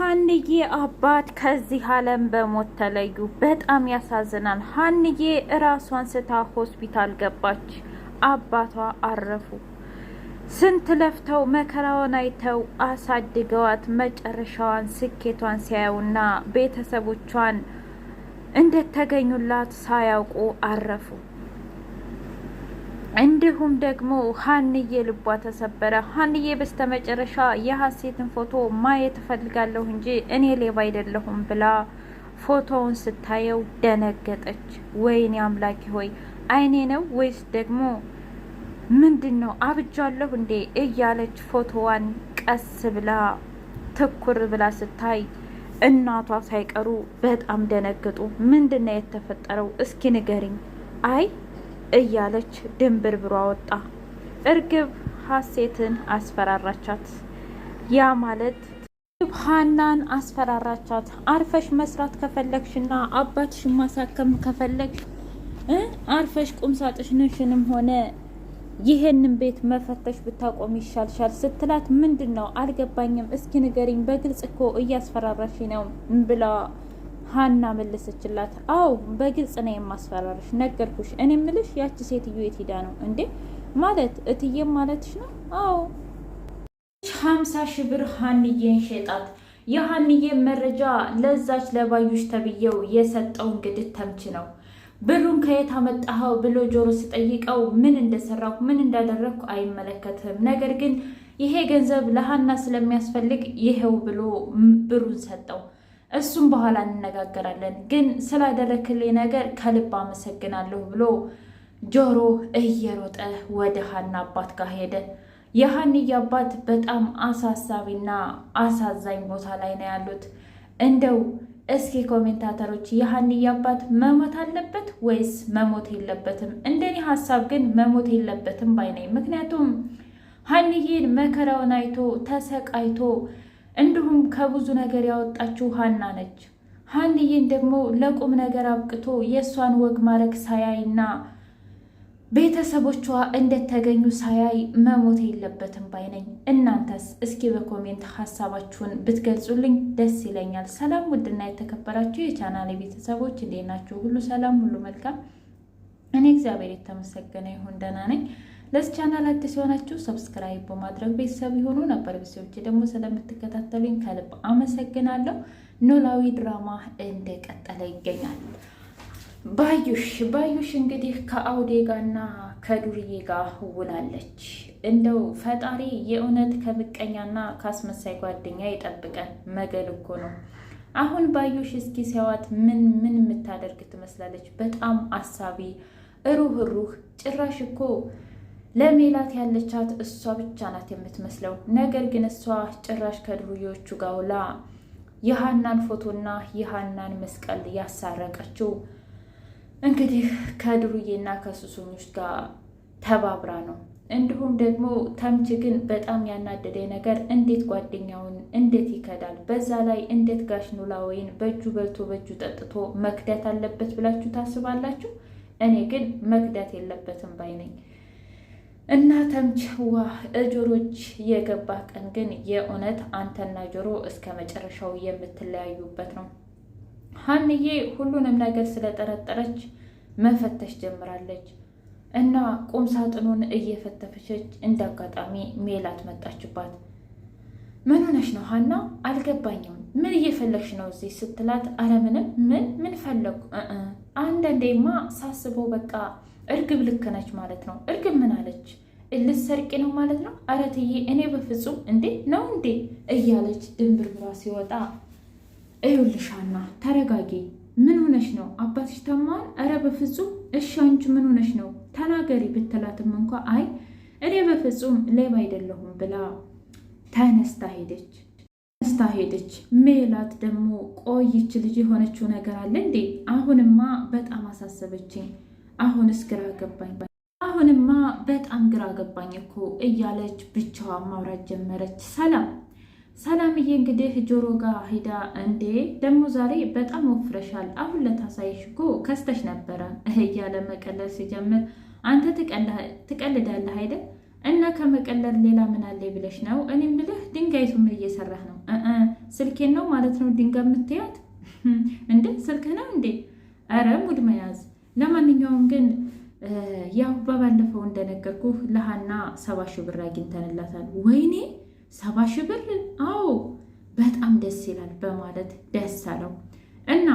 የሀንዬ አባት ከዚህ ዓለም በሞት ተለዩ። በጣም ያሳዝናል። ሀንዬ እራሷን ስታ ሆስፒታል ገባች። አባቷ አረፉ። ስንት ለፍተው መከራዋን አይተው አሳድገዋት መጨረሻዋን ስኬቷን ሲያዩና ቤተሰቦቿን እንደተገኙላት ሳያውቁ አረፉ። እንዲሁም ደግሞ ሀንዬ ልቧ ተሰበረ። ሀንዬ በስተመጨረሻ የሀሴትን ፎቶ ማየት እፈልጋለሁ እንጂ እኔ ሌባ አይደለሁም ብላ ፎቶውን ስታየው ደነገጠች። ወይኔ አምላኪ ሆይ አይኔ ነው ወይስ ደግሞ ምንድን ነው አብጃለሁ እንዴ እያለች ፎቶዋን ቀስ ብላ ትኩር ብላ ስታይ እናቷ ሳይቀሩ በጣም ደነገጡ። ምንድን ነው የተፈጠረው? እስኪ ንገሪኝ። አይ እያለች ድንብርብሯ ወጣ። እርግብ ሀሴትን አስፈራራቻት። ያ ማለት ሀናን አስፈራራቻት። አርፈሽ መስራት ከፈለግሽና አባትሽን ማሳከም ከፈለግሽ አርፈሽ ቁምሳጥንሽንም ሆነ ይህንን ቤት መፈተሽ ብታቆም ይሻልሻል ስትላት፣ ምንድን ነው አልገባኝም፣ እስኪ ንገሪኝ፣ በግልጽ እኮ እያስፈራራሽ ነው ብላ ሀና መለሰችላት። አዎ በግልጽ ነው የማስፈራረሽ፣ ነገርኩሽ። እኔ ምልሽ ያቺ ሴትዮ የት ሄዳ ነው እንዴ? ማለት እትዬም ማለትሽ ነው? አዎ ሀምሳ ሺ ብር ሀንዬን ሸጣት። የሀንዬን መረጃ ለዛች ለባዩሽ ተብዬው የሰጠው እንግዲህ ተምች ነው። ብሩን ከየት አመጣኸው ብሎ ጆሮ ስጠይቀው ምን እንደሰራሁ ምን እንዳደረግኩ አይመለከትም፣ ነገር ግን ይሄ ገንዘብ ለሀና ስለሚያስፈልግ ይሄው ብሎ ብሩን ሰጠው። እሱም በኋላ እንነጋገራለን፣ ግን ስላደረክልኝ ነገር ከልብ አመሰግናለሁ ብሎ ጆሮ እየሮጠ ወደ ሀና አባት ጋር ሄደ። የሀኒዬ አባት በጣም አሳሳቢና አሳዛኝ ቦታ ላይ ነው ያሉት። እንደው እስኪ ኮሜንታተሮች የሀኒዬ አባት መሞት አለበት ወይስ መሞት የለበትም? እንደኔ ሀሳብ ግን መሞት የለበትም ባይ ነኝ። ምክንያቱም ሀንዬን መከራውን አይቶ ተሰቃይቶ እንዲሁም ከብዙ ነገር ያወጣችው ሀና ነች። ሀንዬን ደግሞ ለቁም ነገር አብቅቶ የእሷን ወግ ማድረግ ሳያይና ቤተሰቦቿ እንደተገኙ ሳያይ መሞት የለበትም ባይነኝ። እናንተስ እስኪ በኮሜንት ሀሳባችሁን ብትገልጹልኝ ደስ ይለኛል። ሰላም ውድና የተከበራችሁ የቻናል ቤተሰቦች እንዴት ናችሁ? ሁሉ ሰላም፣ ሁሉ መልካም። እኔ እግዚአብሔር የተመሰገነ ይሁን ደህና ነኝ። ለዚህ ቻናል አዲስ የሆናችሁ ሰብስክራይብ በማድረግ ቤተሰብ የሆኑ ነበር። ቤተሰቦች ደግሞ ስለምትከታተሉኝ ከልብ አመሰግናለሁ። ኖላዊ ድራማ እንደቀጠለ ይገኛል። ባዩሽ ባዩሽ እንግዲህ ከአውዴ ጋርና ከዱርዬ ጋር ውላለች። እንደው ፈጣሪ የእውነት ከምቀኛና ከአስመሳይ ጓደኛ ይጠብቀን። መገል እኮ ነው። አሁን ባዩሽ እስኪ ሲያዋት ምን ምን የምታደርግ ትመስላለች? በጣም አሳቢ ሩህሩህ ጭራሽ እኮ ለሜላት ያለቻት እሷ ብቻ ናት የምትመስለው። ነገር ግን እሷ ጭራሽ ከድሩዬዎቹ ጋር ውላ የሀናን ፎቶና የሀናን መስቀል ያሳረቀችው እንግዲህ ከድሩዬና ከሱሰኞች ጋር ተባብራ ነው። እንዲሁም ደግሞ ተምች ግን በጣም ያናደደ ነገር እንዴት ጓደኛውን እንዴት ይከዳል? በዛ ላይ እንዴት ጋሽ ኖላዊን በእጁ በልቶ በእጁ ጠጥቶ መክዳት አለበት ብላችሁ ታስባላችሁ? እኔ ግን መክዳት የለበትም ባይ ነኝ። እናተም ችዋ እጆሮች የገባ ቀን ግን የእውነት አንተና ጆሮ እስከ መጨረሻው የምትለያዩበት ነው። ሀንዬ ሁሉንም ነገር ስለጠረጠረች መፈተሽ ጀምራለች እና ቁም ሳጥኑን እየፈተፈሸች እንደ አጋጣሚ ሜላት መጣችባት። ምን ሆነሽ ነው ሀና? አልገባኝም። ምን እየፈለግሽ ነው እዚህ ስትላት፣ አለምንም ምን ምን ፈለጉ አንዳንዴማ ሳስበው በቃ እርግብ ልክ ነች ማለት ነው። እርግብ ምን አለች? ልትሰርቂ ነው ማለት ነው? ኧረ ትዬ እኔ በፍጹም እንዴ ነው እንዴ እያለች ድንብር ብራ ሲወጣ እዩልሻና ተረጋጊ። ምን ሆነሽ ነው? አባትሽ ተማን? ኧረ በፍጹም እሺ፣ አንቺ ምን ሆነሽ ነው? ተናገሪ ብትላትም እንኳ አይ እኔ በፍጹም ሌባ አይደለሁም ብላ ተነስታ ሄደች። ተነስታ ሄደች። ሜላት ደግሞ ቆይች ልጅ የሆነችው ነገር አለ እንዴ? አሁንማ በጣም አሳሰበችኝ። አሁንስ ግራ ገባኝ። አሁንማ በጣም ግራ ገባኝ እኮ እያለች ብቻዋ ማውራት ጀመረች። ሰላም ሰላምዬ እንግዲህ ጆሮ ጋር ሂዳ እንዴ ደግሞ ዛሬ በጣም ወፍረሻል፣ አሁን ለታሳይሽ እኮ ከስተሽ ነበረ እያለ መቀለል ሲጀምር አንተ ትቀልዳለህ አይደል? እና ከመቀለል ሌላ ምን አለ ብለሽ ነው? እኔ ምልህ ድንጋይቱ ምን እየሰራህ ነው? ስልኬን ነው ማለት ነው ድንጋይ የምትያት እንዴ? ስልክህ ነው እንዴ? ኧረ ሙድ መያዝ ለማንኛውም ግን ያው በባለፈው እንደነገርኩ ለሀና ሰባ ሺህ ብር አግኝተንላታል። ወይኔ ሰባ ሺህ ብር! አዎ በጣም ደስ ይላል በማለት ደስ አለው እና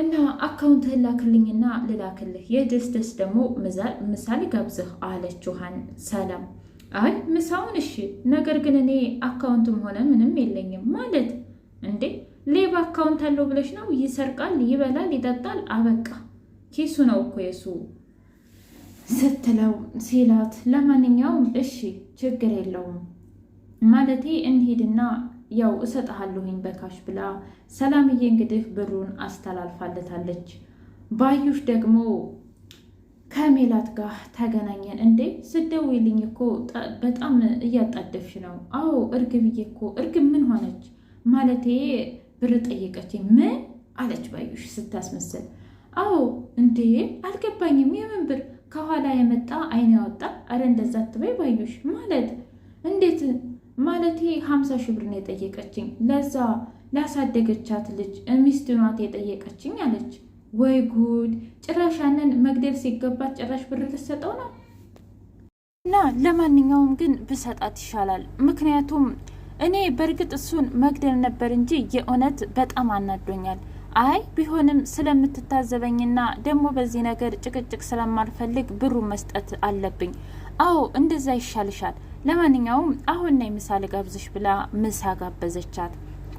እና አካውንትህን ላክልኝና ልላክልህ የደስ ደስ ደግሞ ምሳሌ ጋብዝህ አለችኋን ሰላም አይ ምሳውን እሺ፣ ነገር ግን እኔ አካውንትም ሆነ ምንም የለኝም። ማለት እንዴ ሌባ አካውንት አለው ብለሽ ነው? ይሰርቃል፣ ይበላል፣ ይጠጣል። አበቃ ኪሱ ነው እኮ የሱ ስትለው ሲላት፣ ለማንኛውም እሺ ችግር የለውም ማለቴ እንሂድና ያው እሰጥሃለሁኝ በካሽ ብላ ሰላምዬ እንግዲህ ብሩን አስተላልፋለታለች። ባዩሽ ደግሞ ከሜላት ጋር ተገናኘን። እንዴ ስደውይልኝ እኮ በጣም እያጣደፍሽ ነው። አዎ እርግብዬ እኮ እርግብ ምን ሆነች? ማለቴ ብር ጠየቀች ምን አለች ባዩሽ ስታስመስል አዎ እንዴ አልገባኝም። የምን ብር ከኋላ የመጣ አይን ያወጣ። አረ እንደዛ አትበይ ባዩሽ። ማለት እንዴት ማለት? ሀምሳ ሺህ ብር ነው የጠየቀችኝ ለዛ ላሳደገቻት ልጅ ሚስት ናት የጠየቀችኝ አለች። ወይ ጉድ! ጭራሽ ያንን መግደል ሲገባት ጭራሽ ብር ልትሰጠው ነው። እና ለማንኛውም ግን ብሰጣት ይሻላል። ምክንያቱም እኔ በእርግጥ እሱን መግደል ነበር እንጂ የእውነት በጣም አናዶኛል። አይ ቢሆንም ስለምትታዘበኝና ደግሞ በዚህ ነገር ጭቅጭቅ ስለማልፈልግ ብሩ መስጠት አለብኝ። አዎ እንደዛ ይሻልሻል። ለማንኛውም አሁን ነይ ምሳ ልጋብዝሽ ብላ ምሳ ጋበዘቻት።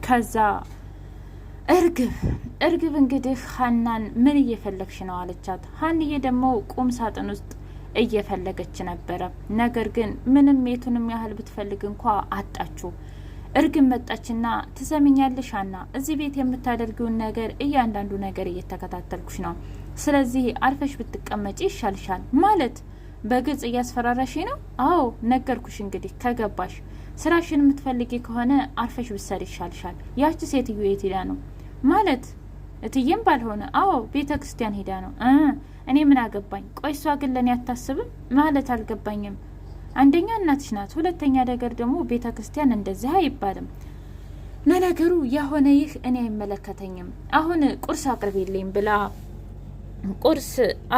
ከዛ እርግብ እርግብ እንግዲህ ሀናን ምን እየፈለግሽ ነው አለቻት። ሀንዬ ደግሞ ቁም ሳጥን ውስጥ እየፈለገች ነበረ። ነገር ግን ምንም የቱንም ያህል ብትፈልግ እንኳ አጣችሁ። እርግም መጣችና ትሰሚኛለሽ አና እዚህ ቤት የምታደርጊውን ነገር እያንዳንዱ ነገር እየተከታተልኩሽ ነው። ስለዚህ አርፈሽ ብትቀመጪ ይሻልሻል። ማለት በግልጽ እያስፈራራሽ ነው? አዎ ነገርኩሽ። እንግዲህ ከገባሽ ስራሽን የምትፈልጊ ከሆነ አርፈሽ ብሰር ይሻልሻል። ያቺ ሴትዮ የት ሄዳ ነው ማለት እትዬም ባልሆነ አዎ ቤተ ክርስቲያን ሄዳ ነው። እኔ ምን አገባኝ? ቆይ እሷ ግን ለእኔ አታስብም ማለት አልገባኝም። አንደኛ እናትሽ ናት፣ ሁለተኛ ነገር ደግሞ ቤተ ክርስቲያን እንደዚህ አይባልም። ለነገሩ የሆነ ይህ እኔ አይመለከተኝም፣ አሁን ቁርስ አቅርቢልኝ ብላ ቁርስ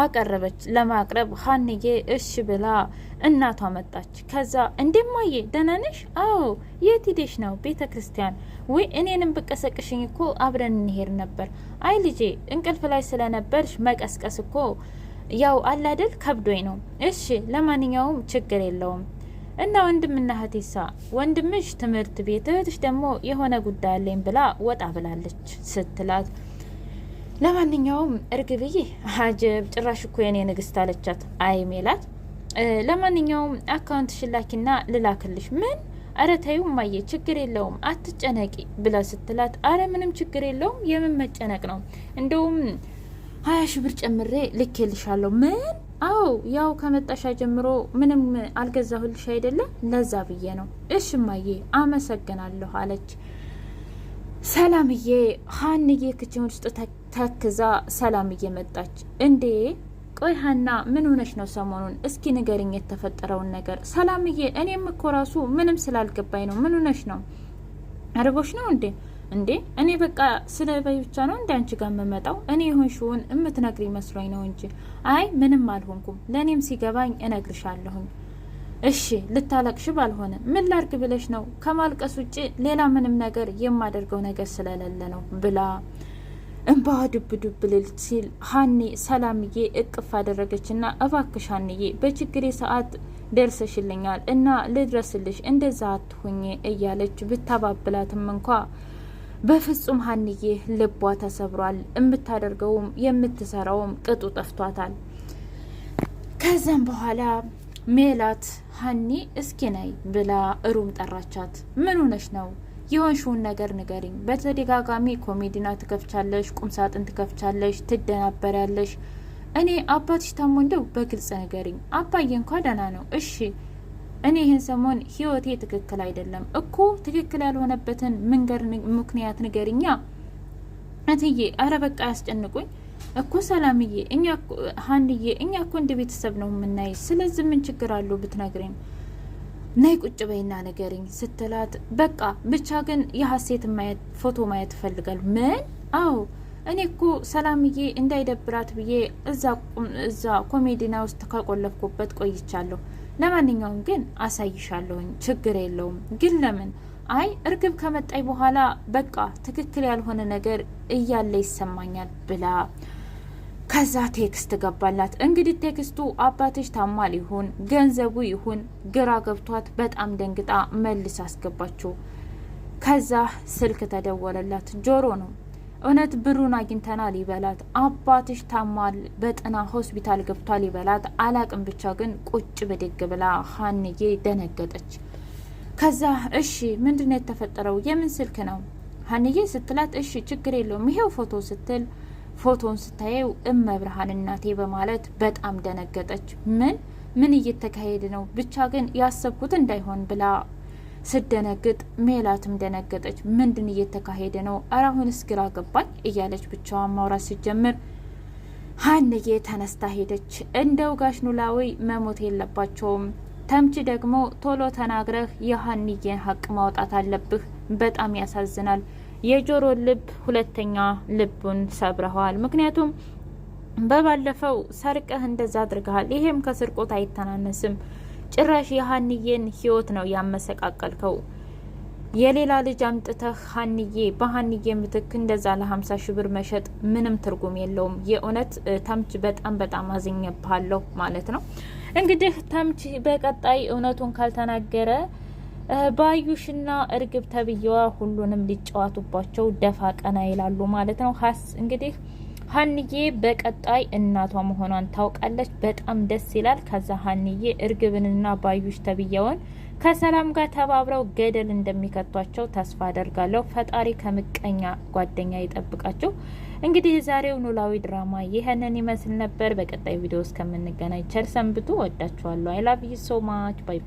አቀረበች። ለማቅረብ ሀንዬ እሽ ብላ እናቷ መጣች። ከዛ እንዴማየ ደህና ነሽ? አዎ። የት ሂደሽ ነው? ቤተ ክርስቲያን። ወይ እኔንም ብቀሰቅሽኝ እኮ አብረን እንሄድ ነበር። አይ ልጄ እንቅልፍ ላይ ስለነበርሽ መቀስቀስ እኮ ያው አላደል ከብዶኝ ነው። እሺ ለማንኛውም ችግር የለውም። እና ወንድምና እህቴሳ ወንድምሽ ትምህርት ቤት እህትሽ ደግሞ የሆነ ጉዳይ አለኝ ብላ ወጣ ብላለች ስትላት፣ ለማንኛውም እርግብዬ አጀብ ጭራሽ እኮ የኔ ንግስት አለቻት። አይ ሜላት፣ ለማንኛውም አካውንት ሽላኪና ልላክልሽ ምን አረ ማየ ችግር የለውም አትጨነቂ ብላ ስትላት፣ አረ ምንም ችግር የለውም የምን መጨነቅ ነው እንደውም ሀያ ሺ ብር ጨምሬ ልኬልሻለሁ። ምን? አዎ ያው ከመጣሻ ጀምሮ ምንም አልገዛሁልሽ አይደለም፣ ለዛ ብዬ ነው። እሽ እማዬ አመሰግናለሁ አለች ሰላምዬ። ሀንዬ ክችን ውስጥ ተክዛ ሰላምዬ መጣች። እንዴ ቆይ ሀና ምን ሆነሽ ነው ሰሞኑን? እስኪ ንገርኝ የተፈጠረውን ነገር። ሰላምዬ እኔም እኮ ራሱ ምንም ስላልገባኝ ነው። ምን ሆነሽ ነው? አርቦሽ ነው እንዴ? እንዴ እኔ በቃ ስለ በይ ብቻ ነው እንደ አንቺ ጋር የምመጣው እኔ የሆንሽውን እምትነግሪ መስሎኝ ነው እንጂ አይ ምንም አልሆንኩም። ለእኔም ሲገባኝ እነግርሻለሁኝ። እሺ ልታለቅሽ ባልሆነ ምን ላርግ ብለሽ ነው? ከማልቀስ ውጭ ሌላ ምንም ነገር የማደርገው ነገር ስለሌለ ነው ብላ እንባዋ ዱብ ዱብ ልል ሲል ሀኔ ሰላምዬ እቅፍ አደረገችና እባክሽ ሀኒዬ በችግሬ ሰዓት ደርሰሽልኛል እና ልድረስልሽ እንደዛ አትሁኜ እያለች ብታባብላትም እንኳ በፍጹም ሀንዬ ልቧ ተሰብሯል። የምታደርገውም የምትሰራውም ቅጡ ጠፍቷታል። ከዛም በኋላ ሜላት ሀኒ እስኪ ነይ ብላ እሩም ጠራቻት። ምን ሆነሽ ነው? የሆንሽውን ነገር ንገሪኝ። በተደጋጋሚ ኮሜዲና ትከፍቻለሽ፣ ሳጥን ትከፍቻለሽ፣ ትደናበሪያለሽ። እኔ አባትሽ ታሞ እንደው በግልጽ ንገሪኝ። አባዬ እንኳ ደህና ነው እሺ እኔ ይህን ሰሞን ህይወቴ ትክክል አይደለም እኮ ትክክል ያልሆነበትን መንገድ ምክንያት ንገርኛ እትዬ አረ በቃ ያስጨንቁኝ እኮ ሰላምዬ እኛ ሀንዬ እኛ እኮ እንደ ቤተሰብ ነው የምናይ ስለዚህ ምን ችግር አለው ብትነግሪኝ ናይ ቁጭ በይና ነገርኝ ስትላት በቃ ብቻ ግን የሀሴት ማየት ፎቶ ማየት ይፈልጋል ምን አዎ እኔ እኮ ሰላምዬ እንዳይደብራት ብዬ እዛ ኮሜዲና ውስጥ ከቆለፍኩበት ቆይቻለሁ ለማንኛውም ግን አሳይሻለሁኝ፣ ችግር የለውም። ግን ለምን አይ እርግብ ከመጣይ በኋላ በቃ ትክክል ያልሆነ ነገር እያለ ይሰማኛል ብላ ከዛ ቴክስት ገባላት። እንግዲህ ቴክስቱ አባትሽ ታማል ይሁን ገንዘቡ ይሁን ግራ ገብቷት በጣም ደንግጣ መልስ አስገባችው። ከዛ ስልክ ተደወለላት። ጆሮ ነው እውነት ብሩን አግኝተናል ይበላት፣ አባትሽ ታሟል በጥና ሆስፒታል ገብቷል ይበላት፣ አላቅም ብቻ ግን ቁጭ ብድግ ብላ ሀንዬ ደነገጠች። ከዛ እሺ ምንድነው የተፈጠረው? የምን ስልክ ነው ሀንዬ ስትላት፣ እሺ ችግር የለውም ይሄው ፎቶ ስትል ፎቶን ስታየው እመብርሃን እናቴ በማለት በጣም ደነገጠች። ምን ምን እየተካሄደ ነው? ብቻ ግን ያሰብኩት እንዳይሆን ብላ ስደነግጥ ሜላትም ደነገጠች። ምንድን እየተካሄደ ነው? እረ አሁንስ ግራ ገባኝ እያለች ብቻዋን ማውራት ስትጀምር ሀንዬ ተነስታ ሄደች። እንደው ጋሽ ኖላዊ መሞት የለባቸውም። ተምች ደግሞ ቶሎ ተናግረህ የሀንዬን ሀቅ ማውጣት አለብህ። በጣም ያሳዝናል። የጆሮ ልብ ሁለተኛ ልቡን ሰብረዋል። ምክንያቱም በባለፈው ሰርቀህ እንደዛ አድርገሃል። ይሄም ከስርቆት አይተናነስም። ጭራሽ የሀንዬን ህይወት ነው ያመሰቃቀልከው። የሌላ ልጅ አምጥተህ ሀንዬ በሀንዬ ምትክ እንደዛ ለሀምሳ ሺህ ብር መሸጥ ምንም ትርጉም የለውም። የእውነት ተምች በጣም በጣም አዝኜብሃለሁ ማለት ነው። እንግዲህ ተምች በቀጣይ እውነቱን ካልተናገረ ባዩሽና እርግብ ተብዬዋ ሁሉንም ሊጫዋቱባቸው ደፋ ቀና ይላሉ ማለት ነው። ሀስ እንግዲህ ሀንዬ በቀጣይ እናቷ መሆኗን ታውቃለች። በጣም ደስ ይላል። ከዛ ሀንዬ እርግብንና ባዩሽ ተብየውን ከሰላም ጋር ተባብረው ገደል እንደሚከቷቸው ተስፋ አደርጋለሁ። ፈጣሪ ከምቀኛ ጓደኛ ይጠብቃቸው። እንግዲህ የዛሬው ኖላዊ ድራማ ይህንን ይመስል ነበር። በቀጣይ ቪዲዮ እስከምንገናኝ ቸር ሰንብቱ። ወዳችኋለሁ። አይ ላቭ ዩ ሶ ማች ባይ።